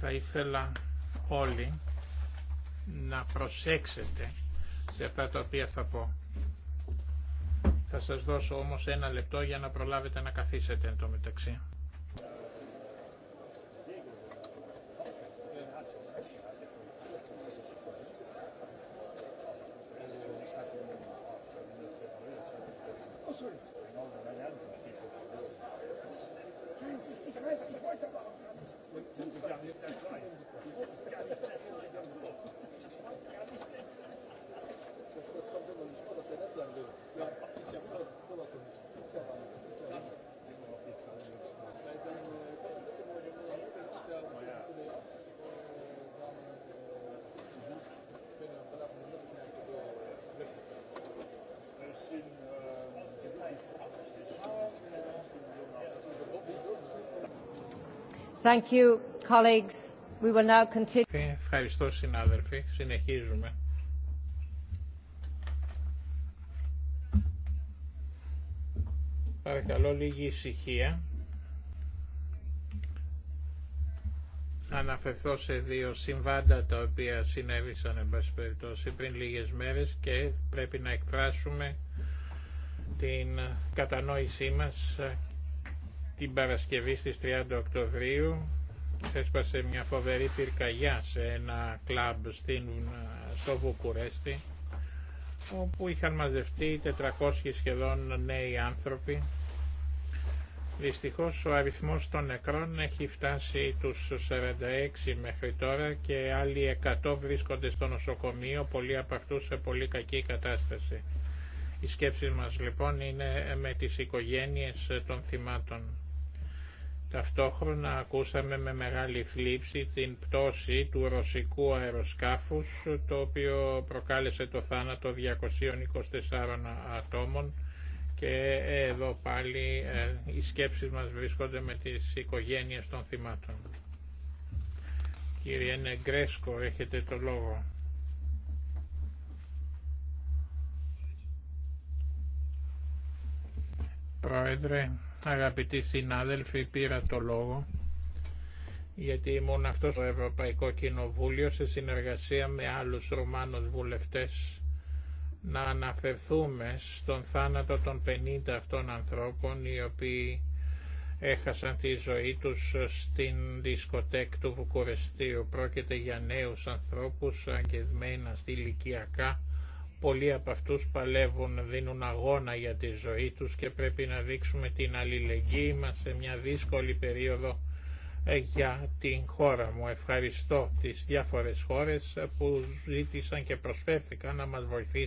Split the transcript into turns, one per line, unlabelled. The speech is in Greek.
Θα ήθελα όλοι να προσέξετε σε αυτά τα οποία θα πω. Θα σας δώσω όμως ένα λεπτό για να προλάβετε να καθίσετε εν τω μεταξύ. Oh, Ε, ευχαριστώ συνάδελφοι. Συνεχίζουμε. Παρακαλώ λίγη ησυχία. Αναφερθώ σε δύο συμβάντα τα οποία συνέβησαν εν πάση πριν λίγες μέρες και πρέπει να εκφράσουμε την κατανόησή μας την Παρασκευή στις 30 Οκτωβρίου έσπασε μια φοβερή πυρκαγιά σε ένα κλαμπ στην, ε, στο Βουκουρέστι όπου είχαν μαζευτεί 400 σχεδόν νέοι άνθρωποι. Δυστυχώς ο αριθμός των νεκρών έχει φτάσει τους 46 μέχρι τώρα και άλλοι 100 βρίσκονται στο νοσοκομείο, πολλοί από αυτούς σε πολύ κακή κατάσταση. Οι σκέψει μας λοιπόν είναι με τις οικογένειες των θυμάτων. Ταυτόχρονα ακούσαμε με μεγάλη θλίψη την πτώση του ρωσικού αεροσκάφους, το οποίο προκάλεσε το θάνατο 224 ατόμων και εδώ πάλι ε, οι σκέψεις μας βρίσκονται με τις οικογένειες των θυμάτων. Κύριε Νεγκρέσκο, έχετε το λόγο. Πρόεδρε, Αγαπητοί συνάδελφοι, πήρα το λόγο γιατί ήμουν αυτό το Ευρωπαϊκό Κοινοβούλιο σε συνεργασία με άλλους Ρουμάνους βουλευτές να αναφερθούμε στον θάνατο των 50 αυτών ανθρώπων οι οποίοι έχασαν τη ζωή τους στην δισκοτέκ του Βουκουρεστίου. Πρόκειται για νέους ανθρώπους αγγεδμένα στη ηλικιακά Πολλοί από αυτούς παλεύουν, δίνουν αγώνα για τη ζωή τους και πρέπει να δείξουμε την αλληλεγγύη μας σε μια δύσκολη περίοδο ε, για την χώρα μου. Ευχαριστώ τις διάφορες χώρες που ζήτησαν και προσφέρθηκαν να μας βοηθήσουν.